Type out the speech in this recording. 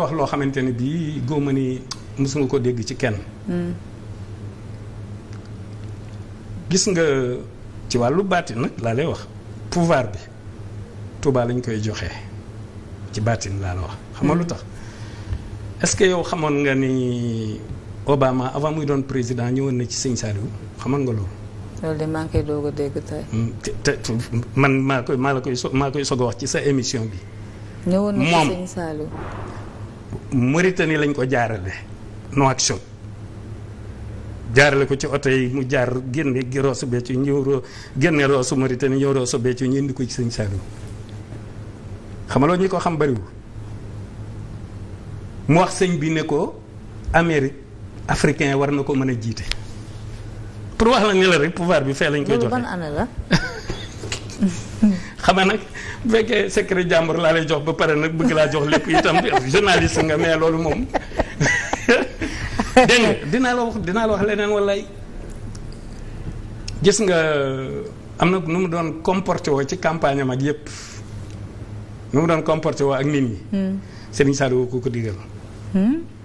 wax loo xamante ne bii góoma ni mës nga dégg ci kenn hmm. nga ci wàllu baatin nag laa lay wax bi Touba lañ koy joxe ci baatin laa la lu hmm. tax est-ce que yow xamoon nga ni Obama muy doon président ñëwoon na ci sëñ Saliou xamoon nga loolu loolu de maa koy doog a dégg tey hmm. man maa koy maa koy so wax ci sa émission bi ñëwoon Mauritanie lañ ko jaarale Nouakchott jaarale ko ci oto mu jaar génne gi Rosso Béthio ñëw ro génne Rosso Mauritanie ñëw Rosso Béthio ñu indi ko ci sëñ Saliou xamaloo ñi ko xam bariwul mu wax sëñ bi ne ko Amérique africain war na ko mën a jiite pour wax la ni la rek pouvoir bi fee lañ ko joxe la xam nga nag bu fekkee secret jàmbur laa lay jox ba pare nag bëgg laa jox lépp itam journaliste nga mais loolu moom dégg dinaa la wax dinaa la wax leneen wallaay gis nga am na nu mu doon comporté woo ci campagne am ak nu mu doon comporté woo ak nit ñi. Hmm. Serigne Saliou ko ko digal. Hmm?